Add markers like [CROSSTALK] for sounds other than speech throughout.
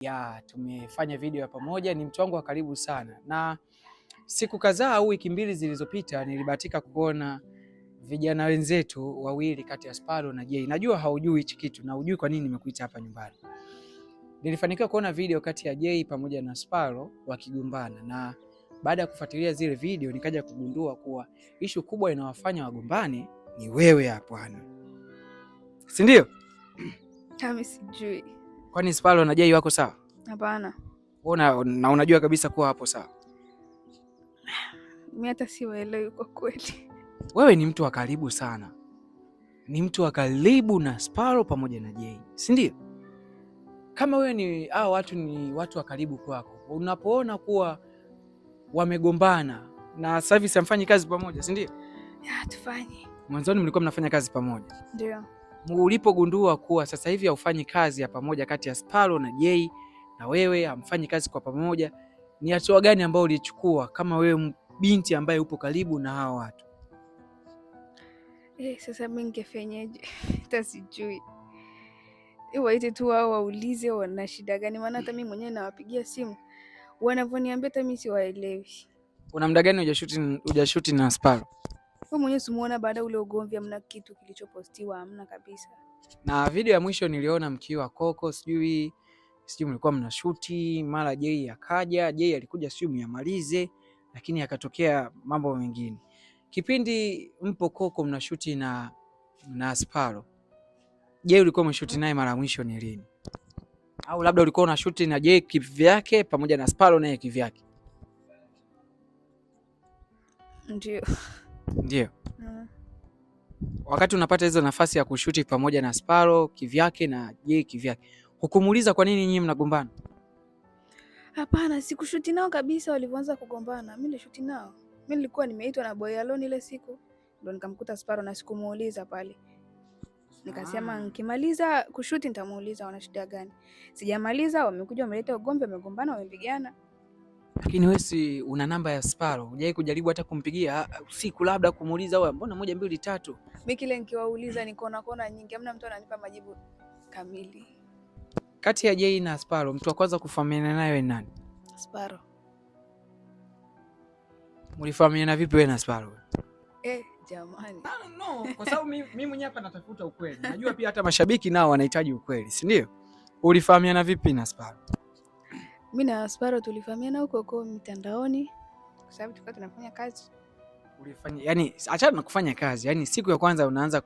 Ya, tumefanya video ya pamoja, ni mtu wangu wa karibu sana, na siku kadhaa au wiki mbili zilizopita nilibahatika kuona vijana wenzetu wawili kati ya Sparo na Jay. Najua haujui hichi kitu na hujui kwa nini nimekuita hapa nyumbani. Nilifanikiwa kuona video kati ya Jay pamoja na Sparo wakigombana, na baada ya kufuatilia zile video nikaja kugundua kuwa ishu kubwa inawafanya wagombane ni wewe hapana, si ndio? Sijui Kwani Spalo na jai wako sawa? Hapana. Una, na unajua kabisa kuwa hapo sawa. Mimi hata siwaelewi kwa kweli. Wewe ni mtu wa karibu sana, ni mtu wa karibu na Spalo pamoja na jai si ndio? Kama wewe ni hao watu ni watu wa karibu kwako, unapoona kuwa wamegombana na service amfanyi kazi pamoja, si ndio? Hatufanyi. Mwanzoni mlikuwa mnafanya kazi pamoja, ndio ulipogundua kuwa sasa hivi haufanyi kazi ya pamoja kati ya Sparo na Jay na wewe hamfanyi kazi kwa pamoja, ni hatua gani ambayo ulichukua kama wewe binti ambaye upo karibu na hawa watu? Eh, sasa mimi ningefanyaje? [LAUGHS] Hata sijui waite tu wao waulize wana shida gani, maana hata mimi mwenyewe nawapigia simu wanavyoniambia, hata mimi siwaelewi. Una muda gani hujashuti na Sparrow? Wewe mwenyewe simuona baada ule ugomvi, hamna kitu kilichopostiwa, hamna kabisa. Na video ya mwisho niliona mkiwa Koko, sijui sijui mlikuwa mna mnashuti, mara Jei akaja. Jay alikuja sijui myamalize, lakini akatokea mambo mengine. Kipindi mpo Koko mna shuti na na Asparo, Jei ulikuwa umeshuti naye mara mwisho ni lini? Au labda ulikuwa shuti na Jei kivyake pamoja na Asparo naye kivyake? Ndio. Ndio. Mm. Wakati unapata hizo nafasi ya kushuti pamoja na Sparo kivyake na je kivyake, hukumuuliza kwa nini nyinyi mnagombana? Hapana, sikushuti nao kabisa. Walivyoanza kugombana, mimi nilishuti nao. Mimi nilikuwa nimeitwa na Boy Alone ile siku, ndo nikamkuta Sparo na sikumuuliza pale. Nikasema ah, nikimaliza kushuti nitamuuliza wana shida gani. Sijamaliza, wamekuja wameleta ugomvi, wamegombana, wamepigana. Lakini wewe si una namba ya Sparo? hujawahi kujaribu hata kumpigia usiku, labda kumuuliza wewe, mbona moja mbili tatu? Mimi kile nikiwauliza ni kona kona nyingi, hamna mtu ananipa majibu kamili. Kati ya Jay na Sparo, mtu wa kwanza kufahamiana naye ni nani? Sparo. Mlifahamiana vipi wewe na Sparo? Eh, jamani. Ah, no, kwa sababu mimi mwenyewe hapa natafuta ukweli. Najua pia hata mashabiki nao wanahitaji ukweli, si ndio? Ulifahamiana vipi na Sparo? mi na Asparo tulifahamiana huko huko mitandaoni, kwa sababu tulikuwa tunafanya kazi. Ulifanya yani, achana na kufanya kazi, yani siku ya kwanza unaanza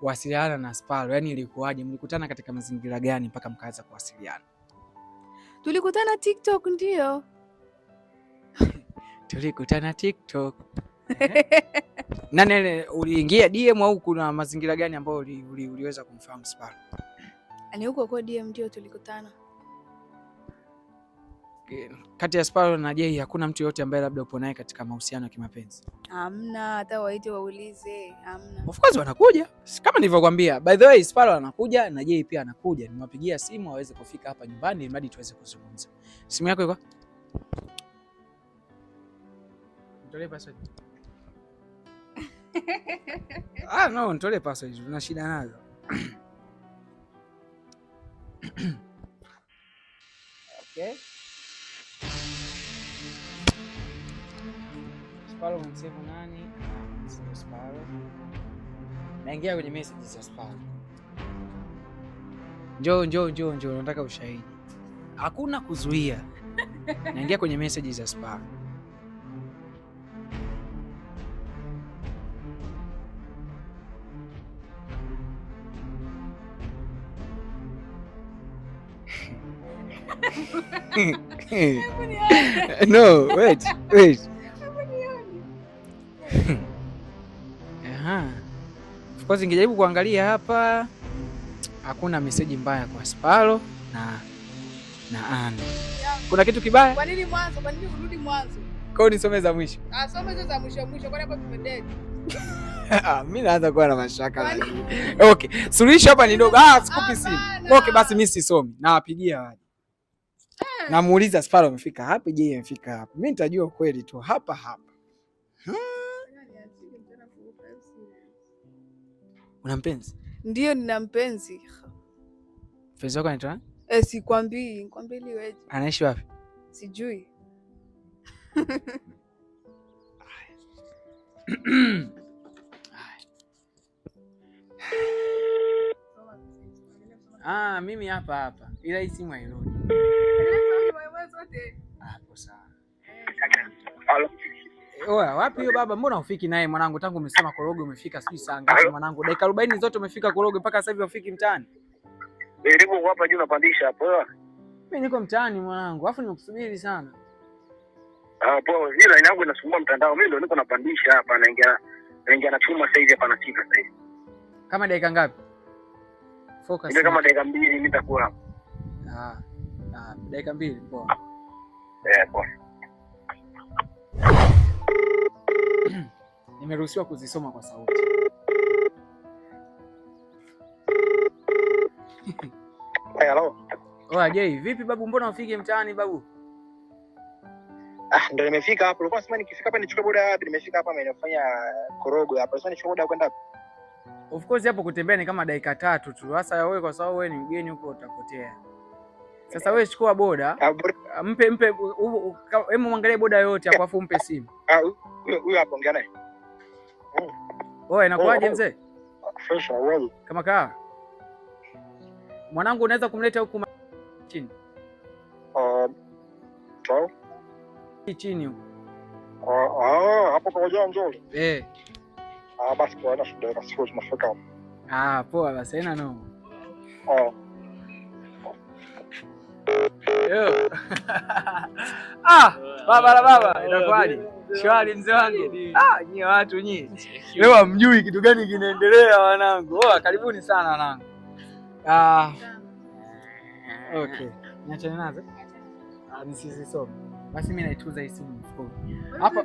kuwasiliana na Asparo, yani ilikuwaje? Mlikutana katika mazingira gani mpaka mkaanza kuwasiliana? Tulikutana TikTok, ndio [LAUGHS] tulikutana TikTok. [LAUGHS] Nani uliingia DM au kuna mazingira gani ambayo uli, uli, uliweza kumfahamu Asparo? Ni huko kwa DM ndio tulikutana kati ya Sparo na Jay hakuna mtu yoyote ambaye labda upo naye katika mahusiano ya kimapenzi? Hamna, hata waite waulize, hamna. Of course wanakuja kama nilivyokuambia. By the way, Sparo anakuja na Jay pia anakuja, nimewapigia simu waweze kufika hapa nyumbani ili tuweze kuzungumza. Simu yako iko? Nitolee password. [LAUGHS] Ah, no, nitolee password. Tuna shida nazo. [COUGHS] Okay. Sparrow umemsave nani? Sio Sparrow. Naingia kwenye message za Sparrow. Njoo, njoo, njoo, njoo, nataka ushahidi. Hakuna kuzuia. Naingia kwenye message za Sparrow. [LAUGHS] No, wait, wait. Aha. [COUGHS] Of course ningejaribu kuangalia hapa hakuna meseji mbaya kwa Sparo na na Ana. Kuna kitu kibaya? Kwa nini mwanzo? Kwa nini urudi mwanzo? Kwa nini nisome za mwisho? Ah, soma za mwisho mwisho kwa sababu [LAUGHS] Ah, Mimi naanza kuwa na mashaka. Okay, suluhisho hapa ni dogo. Ah, sikupi simu. Okay, basi mimi sisomi. Nawapigia waje. Eh. Namuuliza Sparo amefika hapa, je, amefika hapa. Mimi nitajua kweli tu hapa hapa. Hmm. Una mpenzi? Ndio, nina mpenzi. Mpenzi wako anaitwa? Eh, sikwambii, nikwambie liweje. Anaishi wapi? Sijui. [COUGHS] Ah, mimi hapa hapa ila hii simu hairudi. Hapo sawa. Oya, wapi hiyo baba, mbona ufiki naye mwanangu? Tangu umesema koroge umefika sijui saa ngapi mwanangu? Dakika 40 zote umefika koroge, mpaka sasa hivi ufiki mtaani. Nilipo hapa juu napandisha hapo. Mimi niko mtaani mwanangu, alafu nimekusubiri sana. Ah, poa. Hii line yangu inasumbua mtandao. Mimi ndio niko napandisha hapa, naingia naingia na chuma sasa hivi hapa na sita sasa hivi. Kama dakika ngapi? Focus. Ndio kama dakika mbili mimi nitakuwa hapo. Ah. Ah, dakika mbili poa. Eh, poa. [CLEARS THROAT] nimeruhusiwa kuzisoma kwa sauti. Hey, hello. Oa oh, Jay, vipi babu, mbona ufike mtaani babu? Ah, ndo nimefika hapo. Ulikuwa unasema nikifika hapa nichukue boda wapi? Nimefika hapa nimefanya korogo hapa. Sasa nichukue boda kwenda Of course hapo kutembea ni kama dakika tatu tu. Sasa wewe kwa sababu wewe ni mgeni huko utapotea. Sasa wewe chukua boda. Ah, mpe mpe hebu mwangalie boda yote hapo afu mpe simu. Ah, huyo hapo ongea naye. Oe, oh, inakuaje oh, oh. mzee? Kama kaa. Mwanangu unaweza kumleta huku chini. Uh, chini uh, uh, hapo kwa eh. ah, basi kwa ah, poa basi haina no. Yo. [LAUGHS] ah, baba la baba, inakuaje? Shwari mzee wangu. Ah, nyie watu nyie. [LAUGHS] Leo mjui kitu gani kinaendelea wanangu. Oh, karibuni sana wanangu. Ah. Okay. Niachane nazo. Ah, nisizisome. Basi mimi naituza hii simu mfukoni. Hapa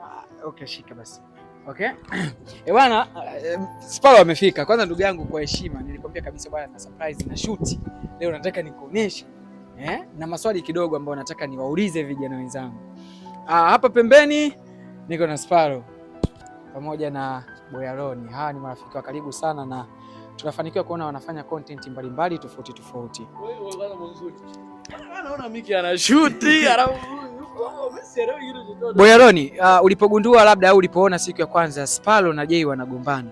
ah, okay, shika basi. Okay. [CLEARS THROAT] Eh, bwana eh, Sparo amefika. Kwanza ndugu yangu, kwa heshima nilikwambia kabisa bwana, na surprise na shoot. Leo nataka nikuoneshe. Eh? Na maswali kidogo ambayo nataka niwaulize vijana wenzangu. Ah, hapa pembeni niko na Sparrow pamoja na Boyaroni. Hawa ni marafiki wa karibu sana na tunafanikiwa kuona wanafanya content mbalimbali tofauti tofauti. [LAUGHS] Boyaroni, uh, ah, ulipogundua labda au ulipoona siku ya kwanza Sparrow na Jay wanagombana,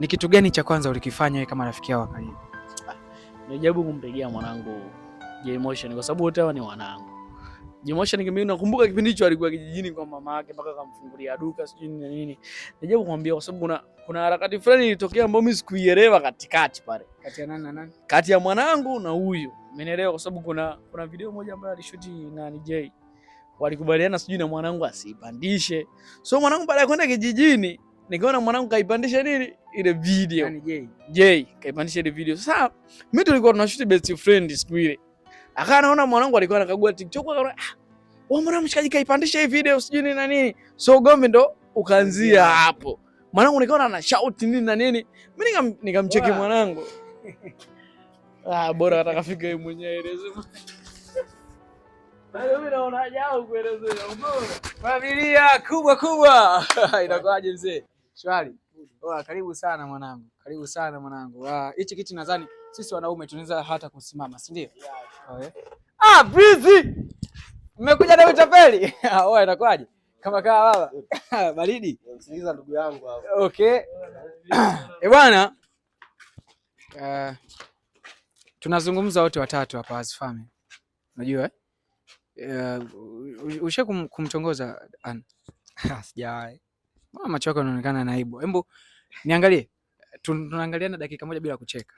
ni kitu gani cha kwanza ulikifanya wewe kama rafiki yao wa karibu? Ah, Nilijaribu kumpigia mwanangu Jay Motion kwa sababu wote hawa ni wanangu Jomosha mimi nakumbuka kipindi hicho alikuwa kijijini kwa mama yake mpaka akamfungulia duka sijui nini nini. Najaribu kumwambia kwa sababu kuna kuna harakati fulani ilitokea ambayo mimi sikuielewa katikati pale. Kati ya nani na nani? Kati ya mwanangu na huyu. Umeelewa kwa sababu kuna kuna video moja ambayo alishuti na NJ. Walikubaliana sijui na mwanangu asipandishe. So mwanangu baada ya kwenda kijijini nikaona mwanangu kaipandisha nini ile video. Nani J? J kaipandisha ile video. Sasa mimi tulikuwa tunashuti best friend siku ile. Akawa anaona mwanangu alikuwa anakagua TikTok, akaona ah, wewe mbona mshikaji kaipandisha hii video sijui nini na nini. So ugomvi ndo ukaanzia hapo. Mwanangu nikaona ana shout nini na nini. Mimi nikamcheki wow. Mwanangu [LAUGHS] ah, bora atakafika yeye mwenyewe ile sema. [LAUGHS] Bado mimi naona haja kuelezea mbona Familia kubwa kubwa. [LAUGHS] Inakuwaje mzee? Shwari. Karibu sana mwanangu, karibu sana mwanangu. Ah, hichi kitu nadhani sisi wanaume tunaweza hata kusimama, si ndio? Eh. Ah, Breezy mmekuja na utapeli [LAUGHS] oa, inakwaje? kama kama baba [LAUGHS] baridi. Msikiliza ndugu yangu hapo. Okay [CLEARS THROAT] eh bwana, uh, tunazungumza wote watatu hapa as family, unajua eh? Uh, ushe kum, kumtongoza [LAUGHS] sijawahi. Mbona macho yako yanaonekana naibu? Hebu niangalie, tunaangaliana dakika moja bila kucheka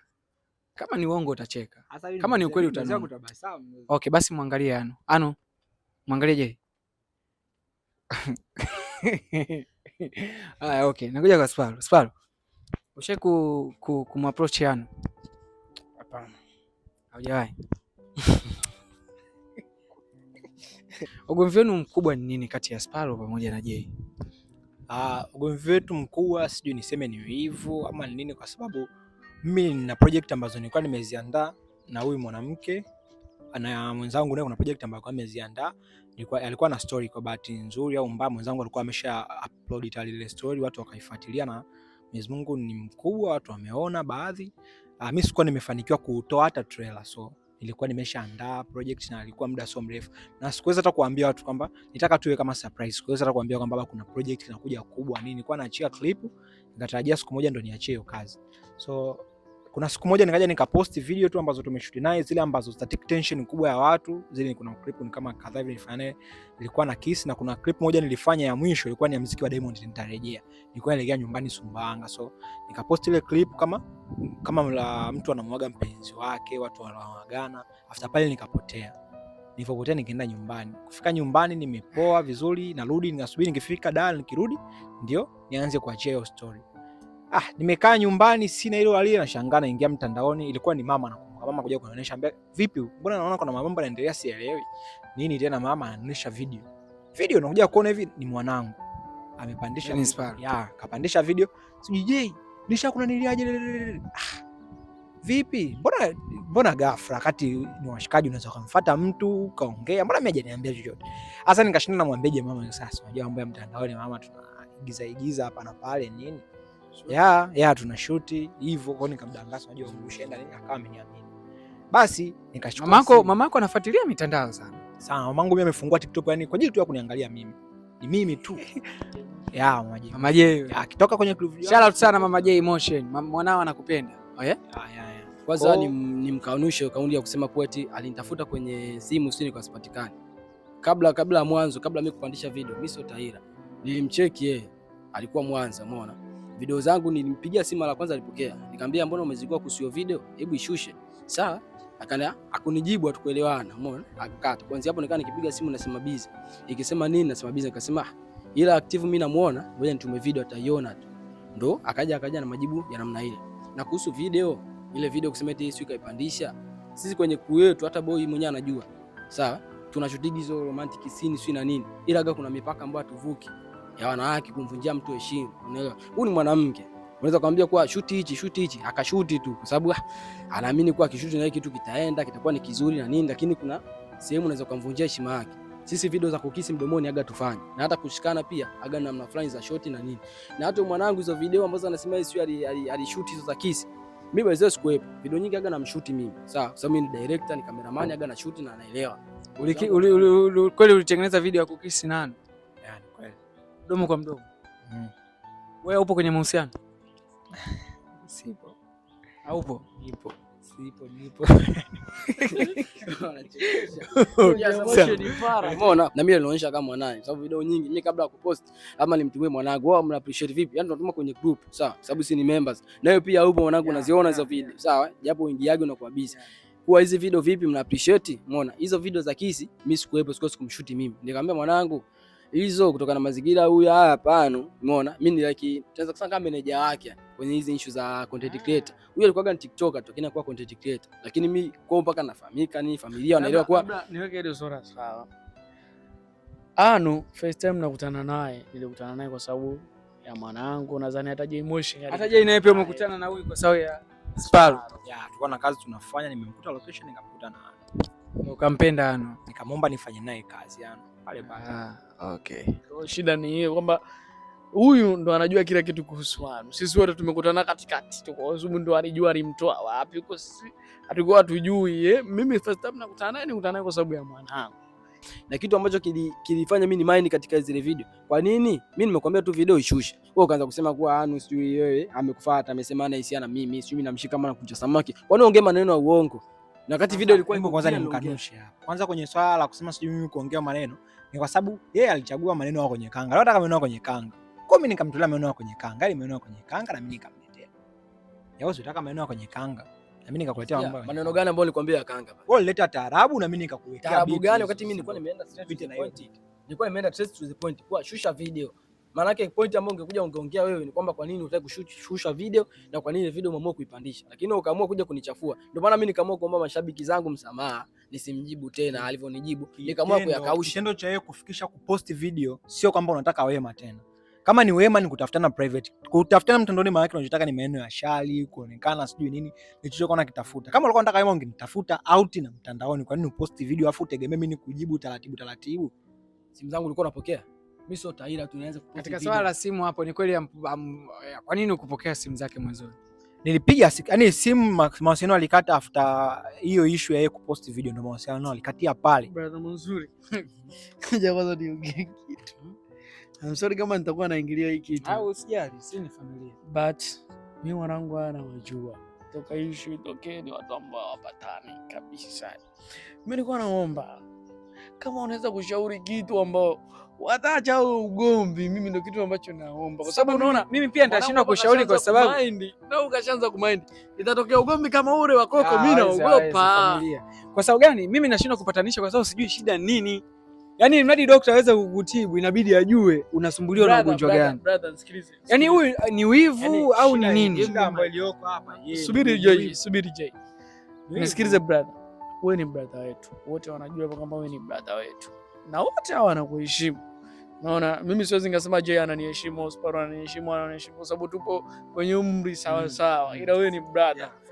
kama ni uongo utacheka, kama ni ukweli utanuna. Okay, basi mwangalie ano ano, mwangalie je. Haya, [LAUGHS] okay, nakuja kwa Sparo. Sparo, ushe ku, ku, kumapproach ano? Hapana, haujawahi. [LAUGHS] Ugomvi wenu mkubwa ni nini kati ya Sparo pamoja na Jay? Ah, Ugomvi wetu mkubwa sijui niseme ni wivu ama ni nini, kwa sababu mimi nina project ambazo nilikuwa nimeziandaa na huyu mwanamke na mwenzangu naye kuna project ambayo alikuwa ameziandaa, nilikuwa alikuwa na story. Kwa bahati nzuri au mbaya, mwenzangu alikuwa amesha upload tayari ile story, watu wakaifuatilia, na Mwenyezi Mungu ni mkubwa, watu wameona baadhi. Uh, mimi sikuwa nimefanikiwa kutoa hata trailer so nilikuwa nimeshaandaa project na alikuwa muda sio mrefu, na sikuweza hata kuambia watu kwamba nitaka tuwe kama surprise. Sikuweza hata kuambia kwamba kuna project inakuja kubwa nini, nilikuwa naachia clip, nikatarajia siku moja ndo niachie hiyo kazi so kuna siku moja nikaja nikapost video tu ambazo tumeshuti naye zile ambazo za tick tension kubwa ya watu zile, kuna clip ni kama kadhaa hivi nilifanya naye, nilikuwa na kiss, na kuna clip moja nilifanya ya mwisho ilikuwa ni ya muziki wa Diamond nitarejea, nilikuwa naelekea nyumbani Sumbawanga, so nikapost ile clip kama kama la mtu anamwaga mpenzi wake, watu wanaagana. After pale nikapotea, nilipopotea nikaenda nyumbani. Kufika nyumbani nimepoa vizuri, narudi ninasubiri, nikifika dal, nikirudi ndio nianze kuachia hiyo story ah, nimekaa nyumbani sina hilo alie, nashangaa naingia mtandaoni, ilikuwa ni mama na mama kuja kunionyesha, ambia vipi, mbona naona kuna mambo yanaendelea, sielewi nini tena. Mama anaonyesha video video, nakuja kuona hivi ni mwanangu amepandisha Inspire. Yaani ya kapandisha video, sijui je nisha kuna niliaje, ah, vipi, mbona mbona ghafla, kati ni washikaji, unaweza kumfuata mtu kaongea, mbona mimi hajaniambia chochote. Sasa nikashinda namwambia je, mama, sasa unajua mambo ya mtandaoni, mama tuna tunaigiza igiza hapa na pale nini ya ya tunashuti hivyo kwao, nikamdangaza, unajua ushaenda nini, akawa ameniamini. Basi nikachukua mamako. Mamako anafuatilia mitandao sana sana, mamangu mimi amefungua TikTok, yani kwa ajili tu ya kuniangalia mimi, ni mimi tu [LAUGHS] ya mama J akitoka kwenye club. Shout out sana mwanao anakupenda. Oh yeah, kwanza kauli ya kusema kuwa eti alinitafuta kwenye simu sini kwa sipatikani. Kabla kabla mwanzo, kabla mimi kupandisha video, mimi sio taira, nilimcheki yeye, alikuwa Mwanza, umeona video zangu nilimpigia simu mara kwanza alipokea. Nikamwambia mbona umezikuwa kusio video? Hebu ishushe. Sawa? Akana akunijibu hatukuelewana. Umeona? Akakata. Kuanzia hapo nikaa nikipiga simu nasema busy. Ikisema nini nasema busy akasema ah, ila active mimi namuona, ngoja nitume video ataiona tu. Ndo akaja akaja na majibu ya namna ile. Na kuhusu video, ile video kusema eti sio kaipandisha. Sisi kwenye crew yetu hata boy mwenyewe anajua. Sawa? Tunashutigi hizo romantic scene sio na nini. Ila kuna mipaka ambayo hatuvuki ya wanawake kumvunjia mtu heshima. Unaelewa? Huyu ni mwanamke. Unaweza kumwambia kwa shuti hichi, shuti hichi, akashuti tu kwa sababu ah, anaamini kwa kishuti na hiki kitu kitaenda, kitakuwa ni kizuri na nini, lakini kuna sehemu unaweza kumvunjia heshima yake. Sisi video za kukisi mdomoni aga tufanye. Na hata kushikana pia aga namna fulani za shoti na nini. Na hata mwanangu hizo video ambazo anasema yeye alishuti hizo za kisi. Mimi wazee sikuwepo. Video nyingi aga namshuti mimi. Sawa, kwa sababu mimi ni director, ni cameraman aga na shuti na anaelewa. Kweli ulitengeneza video ya kukisi nani? mdomo kwa mdomo mm. Wewe upo kwenye mahusiano? [LAUGHS] Sipo. Haupo? Nipo. Sipo, nipo. Umeona? [LAUGHS] [LAUGHS] Na mimi nilionyesha kama mwanae, sababu video nyingi mimi kabla ya kupost ama nimtumie mwanangu, wao mna appreciate vipi? Yaani tunatuma kwenye group, sawa? Sababu si ni members. Na wewe pia upo mwanangu, unaziona hizo video, sawa? Japo uingiaje unakuwa busy. Kwa hizi video vipi mna appreciate? Umeona? Hizo video za kisi mimi sikuepo, sikuwa sikumshuti mimi. Nikamwambia mwanangu hizo kutokana na mazingira huyu haya hapana. Umeona, mimi ni like tunaweza kusema kama meneja wake kwenye hizi issue za content ah. creator. Huyu alikuwa ni TikToker tu, lakini kwa content creator, lakini mimi kwa mpaka nafahamika ni familia wanaelewa kwa. Niweke ile sura sawa. Anu, first time nakutana naye, nilikutana naye kwa sababu ya mwanangu, nadhani hata Jay Moshi hata Jay naye pia umekutana na huyu kwa sababu ya Sparo. Ya, tulikuwa na kazi tunafanya, nimemkuta location nikakutana naye. Ukampenda Anu, nikamwomba nifanye naye kazi Anu pale pale. Ah, okay. Kwa shida ni hiyo kwamba huyu ndo anajua kila kitu kuhusu Wanu. Sisi wote tumekutana katikati tu, kwa sababu ndo alijua alimtoa wapi huko. Sisi hatukuwa tujui eh. Mimi first time nakutana naye nikutana naye kwa sababu ya mwanangu, na kitu ambacho kilifanya mimi ni mind katika zile video. Kwa nini? Mimi nimekuambia tu video ishushe, wewe ukaanza kusema kuwa ah, Anu sijui yeye amekufuata, amesema ana hisia na mimi, sijui mimi namshika kama nakuja samaki. Kwa nini ongea maneno ya uongo na wakati video ilikuwa kwanza nimkanushe hapa kwanza kwenye swala la kusema sijui mimi kuongea maneno ni kwa sababu yeye alichagua maneno yao kwenye kanga, hata kama maneno kwenye kanga. Kwa mimi nikamtolea maneno kwenye kanga, ile yaani maneno kwenye kanga na mimi nikamletea. Yaani yao sitaka maneno kwenye kanga. Na mimi nikakuletea mambo. Maneno gani ambayo nilikwambia kanga? Wewe ulileta taarabu na mimi nikakuletea. Taarabu gani wakati mimi nilikuwa nimeenda straight to the point. Nilikuwa nimeenda straight to the point. Kwa shusha video. Maana yake point ambayo ungekuja ungeongea wewe ni kwamba kwa nini unataka kushusha video na kwa nini video umeamua kuipandisha, lakini ukaamua kuja kunichafua. Ndio maana mimi nikaamua kuomba mashabiki zangu msamaha, nisimjibu tena alivyonijibu, nikaamua kuyakausha. Kitendo cha yeye kufikisha kuposti video sio kwamba unataka wema tena kama ni wema ni kutafutana private, kutafutana mtandaoni. Maana yake unachotaka ni maneno ya shali, kuonekana, sijui nini, nilichokuwa chochote unakitafuta. Kama ulikuwa unataka wema, ungenitafuta out na mtandaoni. Kwa nini uposti video afu utegemee mimi nikujibu taratibu taratibu? Simu zangu ulikuwa unapokea mimi taira Katika swala la simu hapo, ni kweli, kwa nini ukupokea simu zake mwanzoni? Nilipiga yani simu, mawasiliano alikata after hiyo issue ya yeye kuposti video, ndio mawasiliano alikatia pale. Brother mzuri, [LAUGHS] kwanza niongee kitu. I'm sorry kama nitakuwa naingilia hii kitu. usijali, si ni familia. But mimi toka issue ni watu ambao wapatani kabisa. Mimi nilikuwa naomba kama unaweza kushauri kitu ambao Wataacha au ugomvi, mimi ndo kitu ambacho naomba, kwa sababu unaona mimi pia nitashindwa kushauri kwa sababu na ukashaanza kumind, itatokea ugomvi kama ule wa Koko. Mimi naogopa kwa sababu gani? Mimi nashindwa kupatanisha kwa sababu sijui shida nini. Yaani mradi daktari aweze kukutibu, inabidi ajue unasumbuliwa na ugonjwa gani. Yaani huyu ni wivu yaani, au ni nini? Shida ambayo iliyoko hapa. Subiri Jay, subiri Jay. Nisikilize brother, wewe ni brother wetu wote wanajua kwamba wewe ni brother wetu na wote hawa wanakuheshimu. Naona mimi siwezi ngasema je, ananiheshimu au Suparu ananiheshimu, ananiheshimu kwa sababu tupo kwenye umri sawa mm. sawa, ila wewe ni brother yeah.